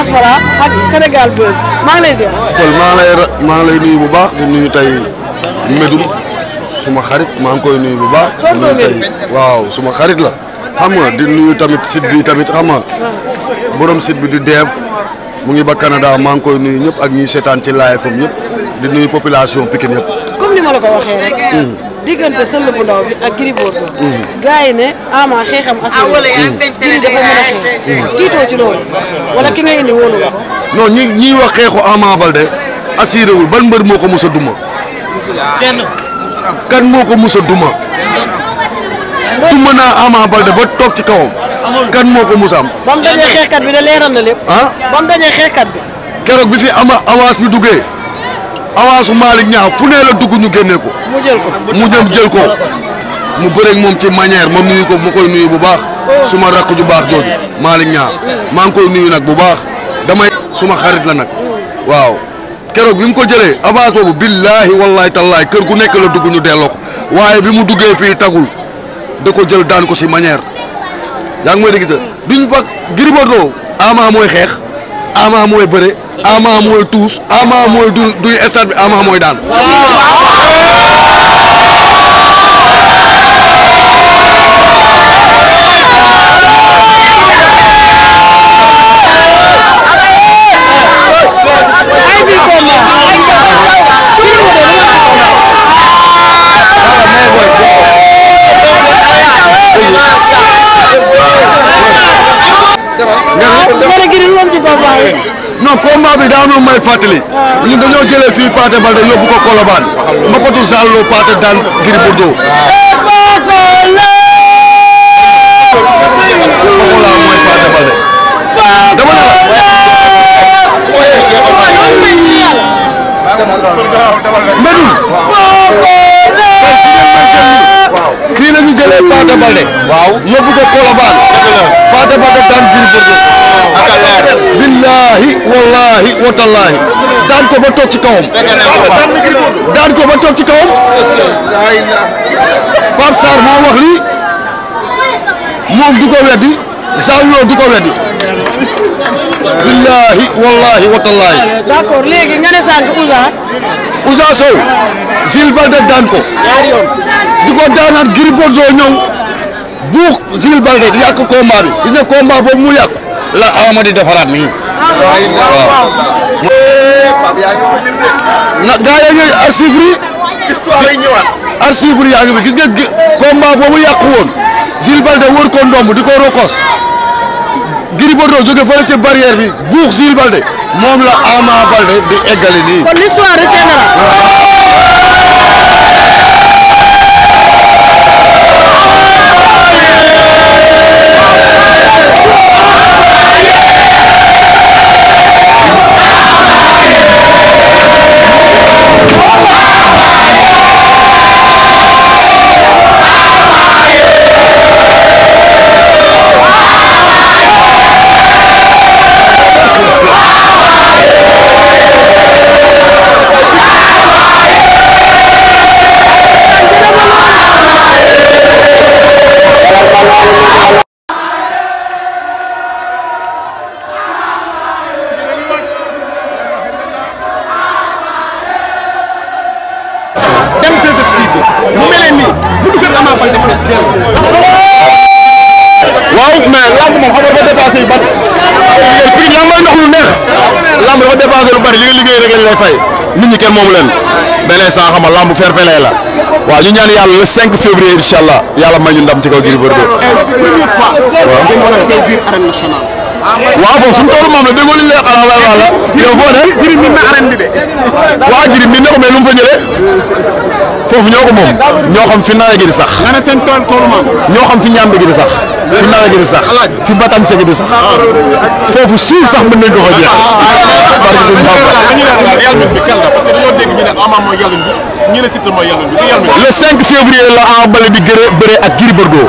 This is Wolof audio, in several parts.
diaspora ak Sénégal Buzz maa ngi lay ziar. maa ngi lay nuyu bu baax di nuyu tey Médoum suma xarit maa ngi koy nuyu bu baax. waaw suma xarit la. xam nga di nuyu tamit site bi tamit xam nga ah. boroom site bi di deeb mu ngi ba Canada maa ngi koy nuyu ñëpp ak ñiy seetaan ci live am ñëpp di nuyu population Pikine ñëpp. diggante sëll bu ndaw bi ak Gris Bordeaux. gars ne ama xeexam assuré. Ah, Gris dafa mën a xeex. tiitoo ci loolu. wala ki nga indi wóolu la ko. non ñi wax xeexu Ama Baldé assuré wu ban mbër moo ko mos a duma. kan moo ko musa a duma. duma naa Ama Baldé ba toog ci kawam. kan moo ko mos a ba mu dajee xeexkat bi de leeral na lépp. ah ba mu dajee xeexkat bi. keroog bi fi ama avance ñu duggee. avance Malick Niang fu nee la dugg ñu génnee ko. mu jël ko mu ñëm jël ko. mu bëreeg moom ci manière moom nuyu ko ma koy nuyu bu baax suma rakk ju baax jooju Malick Niang maa ngi koy nuyu nag bu baax damay suma xarit la nag waaw keroog bi mu ko jëlee avance boobu billaahi wallaahi tallaahi kër gu nekk la dugg ñu delloo ko waaye bi mu duggee fi tagul da ko jël daan ko si manière yaa ngi may dégg sa duñ fa Gris Bordeaux Ama mooy xeex. ama mooy bëre ama mooy tuus ama mooy du duy stade bi ama mooy daan daa am may fàttali ñun dañoo jëlee fii Pathé Baldé yóbbu ko Colobane mbappatu Zallo Pathé daan Gris Bordeaux. Pathé Baldé. waaw yóbbu ko Colobane. Pathé Baldé daan Gris billaahi wallaahi wa tallaahi daan ko ba toog ci kawam daan ko ba toog ci kawam Pape Sarr moo moom du ko weddi Zallo du ko weddi billaahi wallaahi wa tallaahi léegi nga ne sànq Ousa Ousa Sow Zil daan ko di ko daanaat Gris Bordeaux ñëw buux Zil Balde yàq combat bi boobu mu yàq la awama di defaraat nii waaw na gaa yi yaa ngi bi gis nga combat boobu yàqu woon Gilles Balde wër ko ndomb di ko rokos Gris Bordeaux jóge fële ci barrière bi buux Gilles Balde moom la Ama Balde di eggali nii mu mel nii bu duggoon Ama Baldé dafa des teel. waaw mais lamb moom xam nga dafa bari. prix liggéey rek lañ lay fay nit kenn moomu leen. beneen saa xam nga lamb fair-play la. waaw ñu ñaan yàlla le 5 février allah yàlla may ñu ndam ci kaw Gris Bordeaux. première waaw foofu suñu toolu maam la déggoo li ñu lay xalaat waaye wàll. yow foo ne jëriñ ko mais lu foofu ñoo moom ñoo xam fi nawet gi di sax. nga seen tool ñoo xam fi ñàmbi gi di sax. fi nawet gi di sax se gi di sax foofu suuf sax mën nañ ko fa ñu ne Ama mooy yàlla bi ñu ne Siteu mooy yàlla le 5 février la Ama Baldé di gërë bëre ak Gris Bordeaux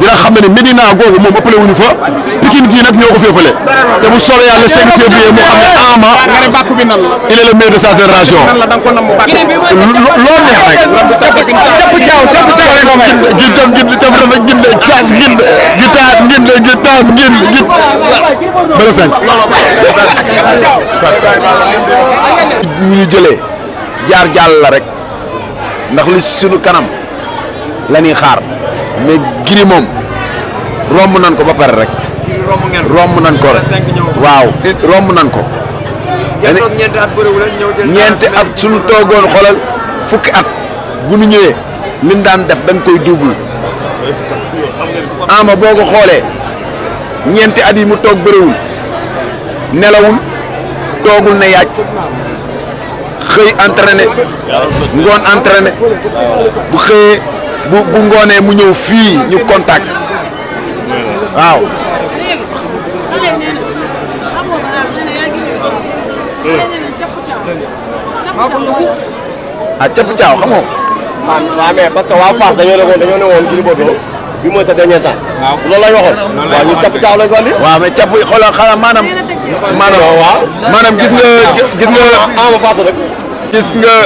dina xam ne ne Medina googu moom ëppale wuñu fa Pikine gii nag ñoo ko féppale te bu soobee yàlla 5 février mu xam ne Ama il le meilleur de sa génération loo neex rek gi tam gi tam dafa gin caas gin gi taas gin taas gin gi bala sañ ñu ñu jëlee jaar jàll la rek ndax li suñu kanam la xaar giri moom romb nan ko ba pare rek. romb nan ko rek waaw romb nan ko. ñeenti at suñu toogoon xoolal fukki at bu nu ñëwee liñ daan def dañ koy double ama boo ko xoolee ñeenti at yi mu toog bëriwul nelawul toogul ne yaaj xëy entraîné ngoon entraîné bu xëyee. bu bu ngoonee mu ñëw fii ñu contact waaw. ah capp caaw xam ah, parce que waa Fass dañoo ne woon dañoo ne woon Gris Bordeaux bi mooy sa dernière chance. waaw loolu la ñu waxoon. ñu waxoon lañ ko andi. waaw mais capp yi xoolal maanaam. maanaam gis nga gis nga. Ama Fass rek. gis nga.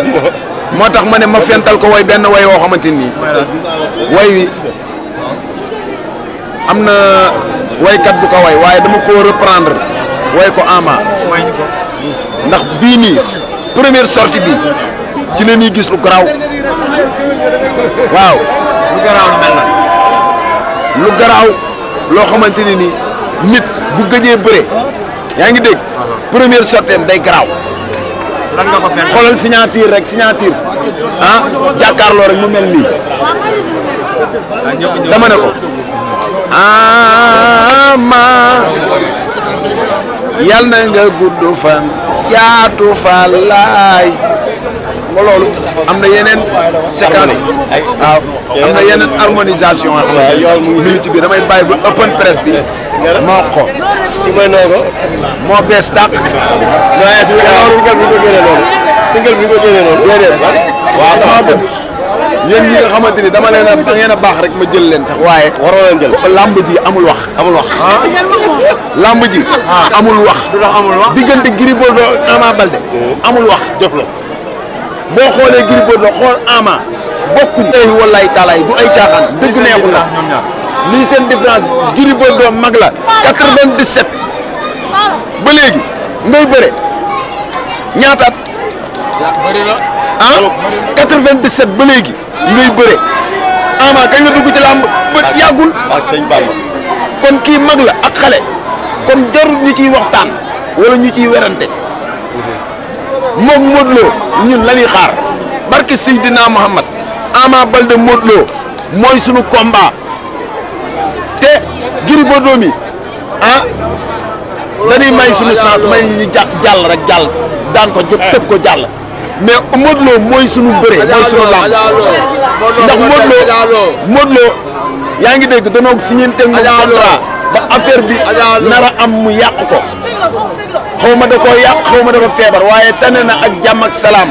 moo tax ma ne ma fental ko way benn woy woo xamante nii way wi am na waykat bu ko woy waaye dama ko reprendre woy ko ama ndax bii nii première sortie bi ci la ñuy gis lu garaaw waaw lu garaw loo xamante ne ni nit bu gëjee bëre yaa ngi dégg uh-huh. première sortie day garaaw lan nga ko fekk xoolal signature rek signature ah jàkkaarloo rek mu mel nii dama ne ko ama yal na nga gudd fan jaatu fa laay nga loolu am na yeneen séquence waaw am na yeneen harmonisation yoo xam ne mu ngi ci biir damay bàyyi bu open press bi moko ci may noogo moo bees dàq waaye su singal bi ko génne noonu singal yi ko génne noonu déedéet waaw dama bëgg yéen ñi nga xamante ni dama leen a da ngeen a baax rek ma jël leen sax waaye waroo leen jël lamb ji amul wax amul wax ah? lamb ji ah. amul wax du tax amul wax diggante Gris ba Ama Baldé amul wax jëf la boo xoolee Gris Bordeaux xool Ama bokku day wallaay taalaay du ay caaxaan dëgg neexul la lii seen différence Gris Bordeaux mag la 97 ba léegi ngay bëre ñaata at ah 97 ba léegi ngay bëre ama kañ la dugg ci làmb ba kon kii mag la ak xale kon jarul ñu ciy waxtaan wala ñu ciy werante moom Modou Lo ñun la ñuy xaar barke Seydina Muhammad Ama Baldé Modou mooy sunu combat Gris Bordeaux mi ah dañuy may suñu chance may jàll rek jàll daan ko jëpp tëb ko jàll mais Modou mooy suñu bëree mooy suñu lamb ndax Modou Lo yaa ngi dégg danoo signé teg moom contrat ba affaire bi nar a am mu yàq ko xaw ma da koo yàq ma dafa feebar waaye tane na ak jàmm ak salaam.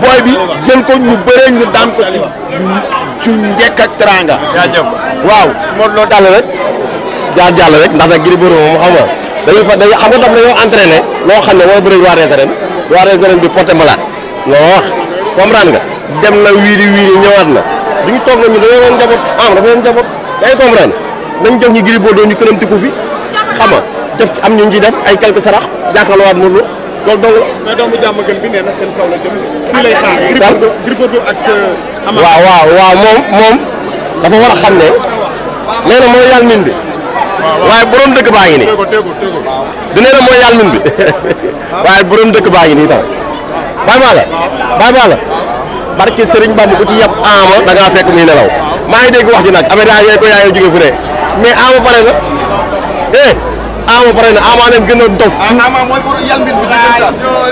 wér booy bi jël ko ñu bëree ñu ci ci njëkk ak teraanga. waaw Modou Lo dàll rek jaar jàll rek ndax nag Gris Bordeaux moom xam ne dañuy fa dañuy xam nga daf dañoo entraîné loo xam ne woo bëri waa Réserène waa Réserène bi porté malade loo wax comprendre nga dem na wiiri wiiri ñëwaat na duñu toog nañu dañoo doon njaboot am ah, dafa doon njaboot yaa ngi comprendre nañ jox ñu Gris Bordeaux ñu kënam tiku fi xam def am ñu ngi def ay quelques sarax jàkkaarloo waat Modou Lo loolu dong la. mais doomu jàmm gën na euh, waaw waaw moom moom dafa war a xam ne nee mooy yàlla min bi. waaye borom dëkk baa ngi nii. du nee na mooy yàlla min bi waaye borom dëkk baa ngi nii tam. bàyyi maa la bàyyi maa la barke Serigne Bamba ku ci yab Ama da ngaa fekk muy nelaw maa ngi dégg wax ji nag affaire yaa yooyu ko yaa yoo jóge fu ne mais Ama pare na eh. ama pare na ama leen gën a dof. Ah, ama mooy borom yalmin bi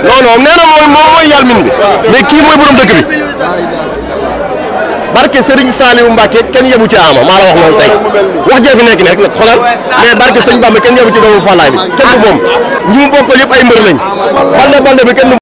non non nee na mooy mooy yalmin bi. mais kii mooy borom dëkk bi. barke Serigne Saliou Mbacke kenn yebu ci ama maa la wax loolu tey wax jee fi nekk nekk nag xoolal mais barke Serigne Bamba kenn yebu ci doomu bi kenn du moom ñi mu bokkal yëpp mbër lañ. balde balde bi kenn